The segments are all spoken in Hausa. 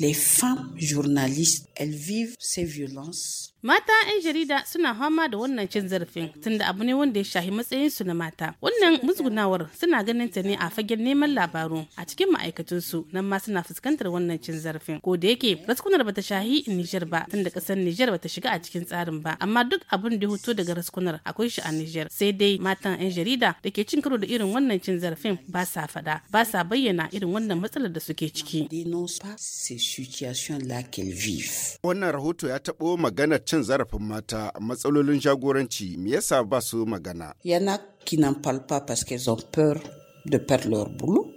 Les femmes journalistes, elles vivent ces violences. Mata 'yan jarida suna fama da wannan cin zarafin tunda abu ne wanda ya shahi matsayin su na mata. Wannan musgunawar suna ganin ta ne a fagen neman labaru a cikin ma'aikatunsu nan ma suna fuskantar wannan cin zarafin. Ko da yake raskunar bata shahi Nijar ba tunda kasar Nijar bata shiga a cikin tsarin ba amma duk abin da ya hoto daga raskunar akwai shi a Nijar. Sai dai matan 'yan jarida da ke cin karo da irin wannan cin zarafin ba sa faɗa ba sa bayyana irin wannan matsalar da suke ciki. situation laquelle vive. Wannan rahoto ya taɓo magana cin zarafin mata matsalolin jagoranci me yasa ba su magana. Yana kinan palpa parce qu'elles ont peur de perdre leur boulot.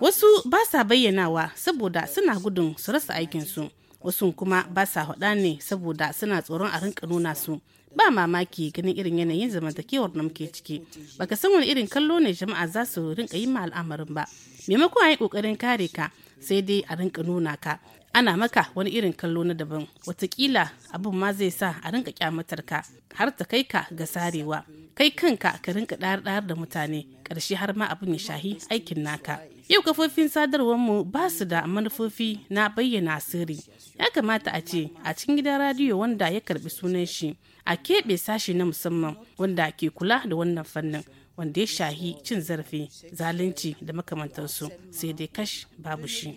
Wasu ba sa bayyanawa saboda suna gudun su rasa aikinsu. Wasu kuma ba sa haɗa ne saboda suna tsoron a rinka nuna su. Ba mamaki ganin irin yanayin zamantakewar da muke ciki. Baka san wani irin kallo ne jama'a za su rinka yi ma al'amarin ba. maimakon a yi ƙoƙarin kare ka sai dai a rinka nuna ka ana maka wani irin kallo na daban watakila abin ma zai sa a rinka kyamatar ka har ta kai ka ga sarewa kai kanka ka rinka ɗar-ɗar da mutane ƙarshe har ma abin ya shahi aikin naka yau kafofin sadarwarmu ba su da manufofi na bayyana sirri ya kamata a ce a cikin gidan radiyo wanda ya karbi sunan shi a keɓe sashi na musamman wanda ke kula da wannan fannin wanda ya shahi cin zarafi zalunci da makamantansu sai dai kash babu shi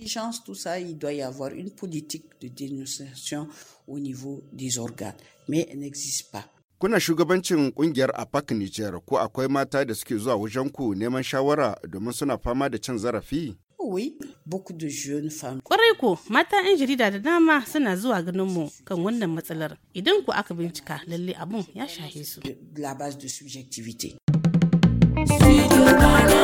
Kuna shugabancin kungiyar APAC Niger ko akwai mata da suke zuwa wajen ku neman shawara domin suna fama da cin zarafi? Kwarai ko mata 'yan jarida da dama suna zuwa ganinmu kan wannan matsalar idan ku aka bincika lalle abun ya shahe su. See you,